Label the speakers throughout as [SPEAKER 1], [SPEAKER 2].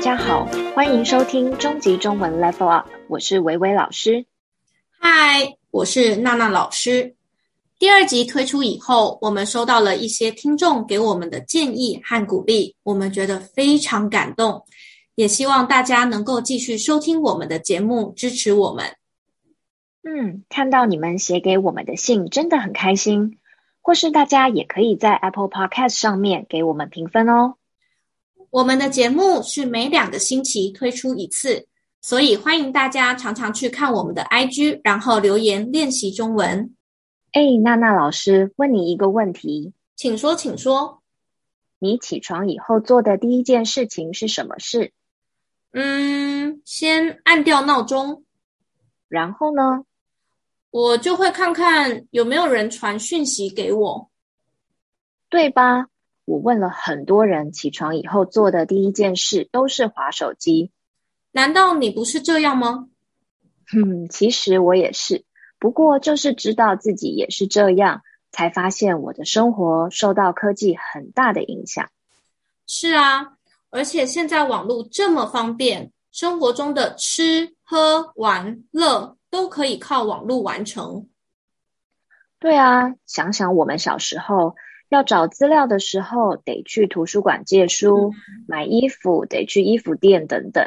[SPEAKER 1] 大家好，歡迎收聽中級中文 Level Up，我是
[SPEAKER 2] 韋韋老師。嗨，我是娜娜老師。第二集推出以後，我們收到了一些聽眾給我們的建議和鼓勵，我們覺得非常感動，也希望大家能夠繼續收聽我們的節目，支持我們。
[SPEAKER 1] 嗯，看到你們寫給我們的信，真的很開心。或是大家也可以在 Apple Podcast 上面給我們評分哦。
[SPEAKER 2] 我們的節目是每兩個星期推出一次，所以歡迎大家常常去看我們的 IG，然後留言練習中文。哎，娜娜老
[SPEAKER 1] 師，問你一個問題。請說，請說。你起床以後做的第
[SPEAKER 2] 一件事情是什麼事？嗯，先按掉鬧鐘。然後呢？我就會看看有沒有人傳訊息給我，
[SPEAKER 1] 對吧？我問了很多人，起床以後做的第一件事都是滑手機，
[SPEAKER 2] 難道你不是這樣嗎？嗯，
[SPEAKER 1] 其實我也是，不過就是知道自己也是這樣，才發現我的生活受到科技很大的影響。
[SPEAKER 2] 是啊，而且現在網絡這麼方便，生活中的吃喝玩樂都可以靠網絡完成。對啊，想
[SPEAKER 1] 想我們小時候。要找資料的時候，得去圖書館借書，嗯，買衣服得去衣服店等等。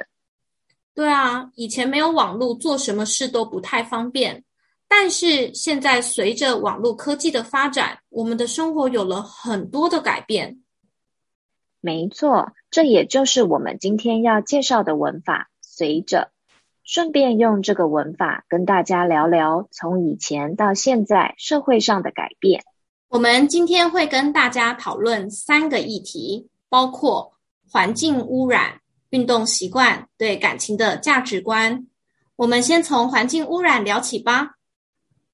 [SPEAKER 2] 對啊，以前沒有網絡，做什麼事都不太方便。但是現在隨着網絡科技的發展，我們的生活有了很多的改變。
[SPEAKER 1] 沒錯，這也就是我們今天要介紹的文法“隨着”，順便用這個文法跟大家聊聊從以前到現在社會上的改變。
[SPEAKER 2] 我們今天會跟大家討論三個議題，包括環境污染、運動習慣、對感情的價值觀。我們先從環境污染聊起吧。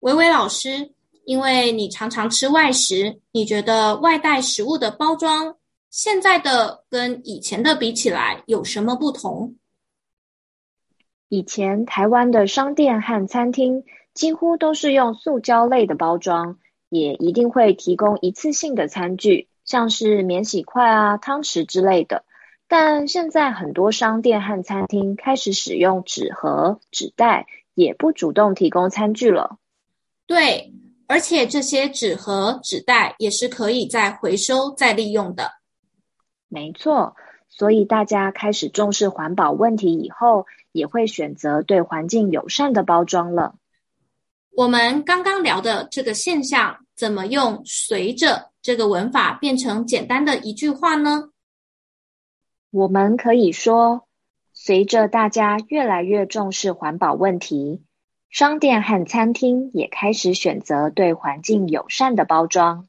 [SPEAKER 2] 韋韋老師，因為你常常吃外食，你覺得外帶食物的包裝現在的跟以前的比起來有什麼不同？
[SPEAKER 1] 以前台灣的商店和餐廳幾乎都是用塑膠類的包裝。也一定會提供一次性的餐具，像是免洗筷啊、湯匙之類的。但現在很多商店和餐廳開始使用紙盒、紙袋，也不主動提供餐具了。
[SPEAKER 2] 對，而且這些紙盒、紙袋也是可以再回收再利用的。
[SPEAKER 1] 沒錯，所以大家開始重視環保問題以後，也會選擇對環境友善的包裝了。
[SPEAKER 2] 我們剛剛聊的這個現象，怎麼用“隨着”這個文法變成簡單的一句話呢？
[SPEAKER 1] 我們可以說：“隨着大家越來越重視環保問題，商店和餐廳也開始選擇對環境友善的
[SPEAKER 2] 包裝。”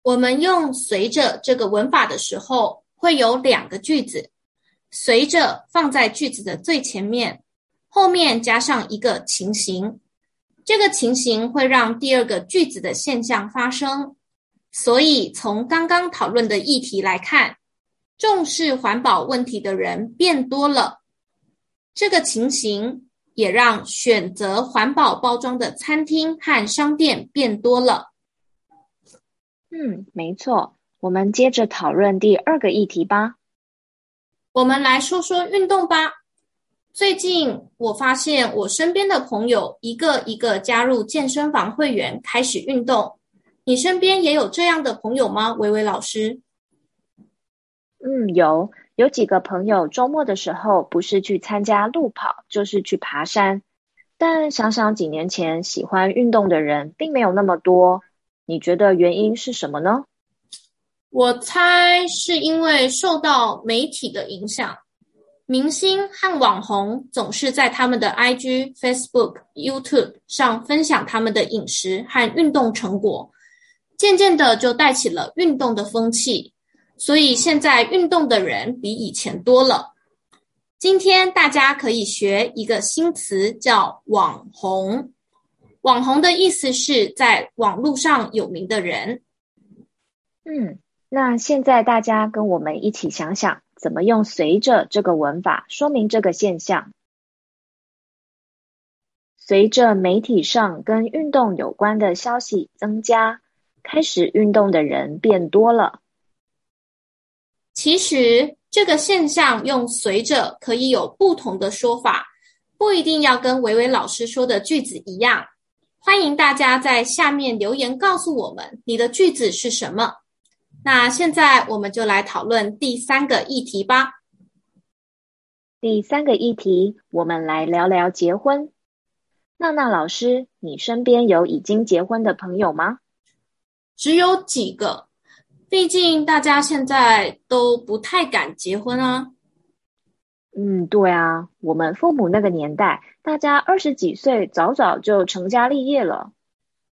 [SPEAKER 2] 我們用“隨着”這個文法的時候，會有兩個句子，“隨着”放在句子的最前面。後面加上一個情形，這個情形會讓第二個句子的現象發生。所以從剛剛討論的議題來看，重視環保問題的人變多了。這個情形也讓選擇環保包裝的餐廳和商店變多了。
[SPEAKER 1] 嗯，沒錯，我們接着討論第二個議
[SPEAKER 2] 題吧。我們來說說運動吧。最近我發現我身邊的朋友一個一個加入健身房會員，開始運動。你身邊也有這樣的朋友嗎，韋韋老師？
[SPEAKER 1] 嗯，有，有幾個朋友週末的時候不是去參加路跑，就是去爬山。但想想幾年前喜歡運動的人並沒有那麼多，你覺得原因是什麼呢？
[SPEAKER 2] 我猜是因為受到媒體的影響。明星和網紅總是在他們的 IG、Facebook、YouTube 上分享他們的飲食和運動成果，漸漸的就帶起了運動的風氣，所以現在運動的人比以前多了。今天大家可以學一個新詞，叫“網紅”。網紅的意思是在網絡上有名的人。
[SPEAKER 1] 嗯，那現在大家跟我們一起想想。怎麼用“隨着”這個文法說明這個現象？隨着媒體上跟運動有關的消息
[SPEAKER 2] 增加，開始運動的人變多了。其實這個現象用“隨着”可以有不同的說法，不一定要跟韋韋老師說的句子一樣。歡迎大家在下面留言告訴我們你的句子是什麼。那現在我們就來討論第三個議題吧。第三個議題，我們來
[SPEAKER 1] 聊聊結婚。娜娜老師，你身邊有已經結婚的朋友嗎？
[SPEAKER 2] 只有幾個，畢竟大家現在都不太敢結婚啊。
[SPEAKER 1] 嗯，對啊，我們父母那個年
[SPEAKER 2] 代，大家二十幾歲早
[SPEAKER 1] 早就成家立業了，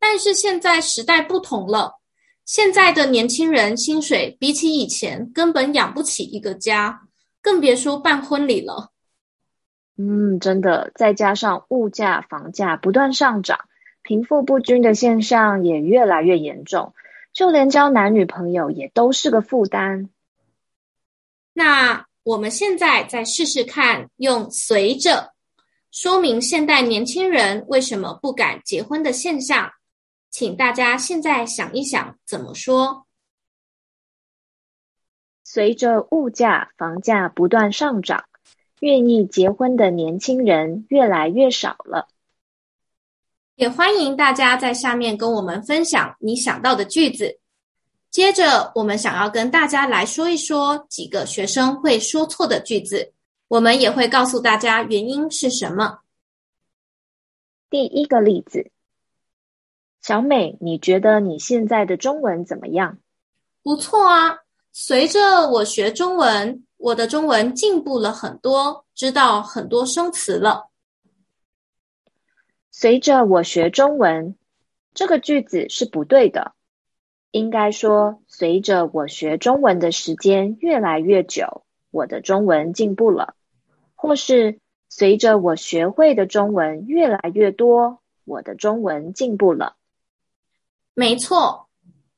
[SPEAKER 2] 但是現在時代不同了。現在的年輕人薪水比起以前根本養不起一個家，更別說辦婚禮了。
[SPEAKER 1] 嗯，真的，再加上物價、房價不斷上漲，貧富不均的現象也越來越嚴重，就連交男女朋友也都是個負擔。
[SPEAKER 2] 那我們現在再試試看，用“隨着”說明現代年輕人為什麼不敢結婚的現象。請大家現在想一想怎麼說。隨
[SPEAKER 1] 着物價、房價不斷上漲，願意結婚的年輕人
[SPEAKER 2] 越來越少了。也歡迎大家在下面跟我們分享你想到的句子。接着，我們想要跟大家來說一說幾個學生會說錯的句子，我們也會告訴大家原因是什麼。第一個例子。小美，你覺
[SPEAKER 1] 得你現在的中文怎麼樣？
[SPEAKER 2] 不錯啊！隨着我學中文，我的中文進步了很多，知道很多生詞了。
[SPEAKER 1] 隨着我學中文，
[SPEAKER 2] 這個句子
[SPEAKER 1] 是不對的，應該說隨着我學中文的時間越來越久，我的中文進步了；或是隨着我學
[SPEAKER 2] 會的中文越來越多，我的中文進步了。沒錯，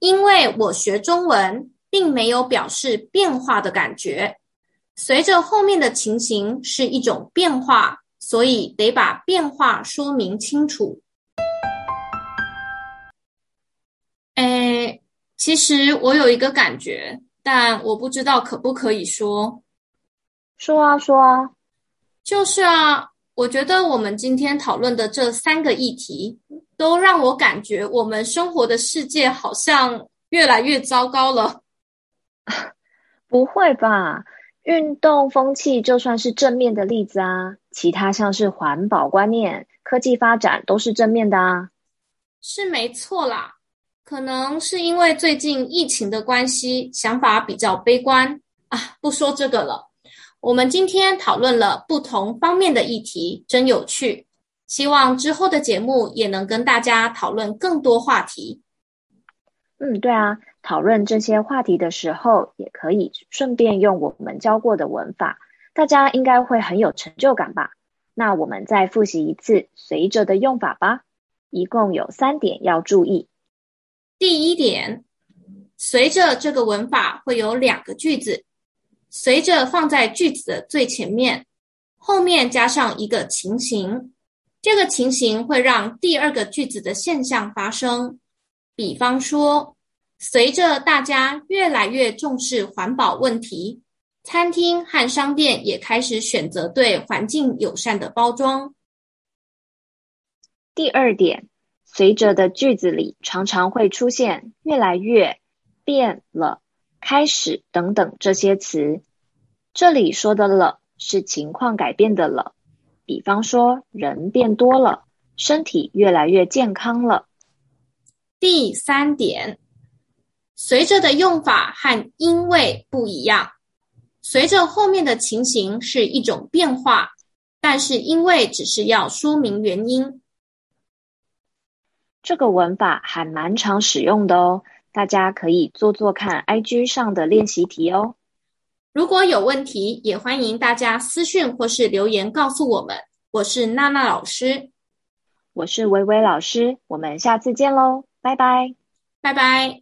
[SPEAKER 2] 因為我學中文，並沒有表示變化的感覺。隨着後面的情形是一種變化，所以得把變化說明清楚。哎，其實我有一個感覺，但我不知道可不可以說。說啊，說啊，就是啊，我覺得我們今天討論的這三個議題，都讓我感覺我們生活的世界好像越來越糟糕了。不會
[SPEAKER 1] 吧？運動風氣就算是正面的例子啊，其他像是環保觀念、科技發展都是正面的啊。
[SPEAKER 2] 是沒錯啦，可能是因為最近疫情的關係，想法比較悲觀啊。不說這個了，我們今天討論了不同方面的議題，真有趣。希望之後的節目也能跟大家討論更多話題。
[SPEAKER 1] 嗯，對啊，討論這些話題的時候，也可以順便用我們教過的文法，大家應該會很有成就感吧？那我們再複習一次隨着的用法吧。一共有三點要注意。
[SPEAKER 2] 第一點，隨着這個文法會有兩個句子，隨着放在句子的最前面，後面加上一個情形。這個情形會讓第二個句子的現象發生。比方說，隨着大家越來越重視環保問題，餐廳和商店也開始選擇對環境友善的包裝。
[SPEAKER 1] 第二點，隨着的句子裡常常會出現越來越、變了、開始等等這些詞。這裡說的了是情況改變的了。比方說，人變多了，身體越來越健康了。
[SPEAKER 2] 第三點，隨着的用法和因為不一樣，隨着後面的情形是一種變化，但是因為只是要說明原因。這個文法還蠻
[SPEAKER 1] 常使用的哦，大家可以做做看 IG 上的練習題哦。
[SPEAKER 2] 如果有問題，也歡迎大家私訊或是留言告訴我們。我是娜娜老師，
[SPEAKER 1] 我是韋韋老師，我們下次見嘍，拜拜，
[SPEAKER 2] 拜拜。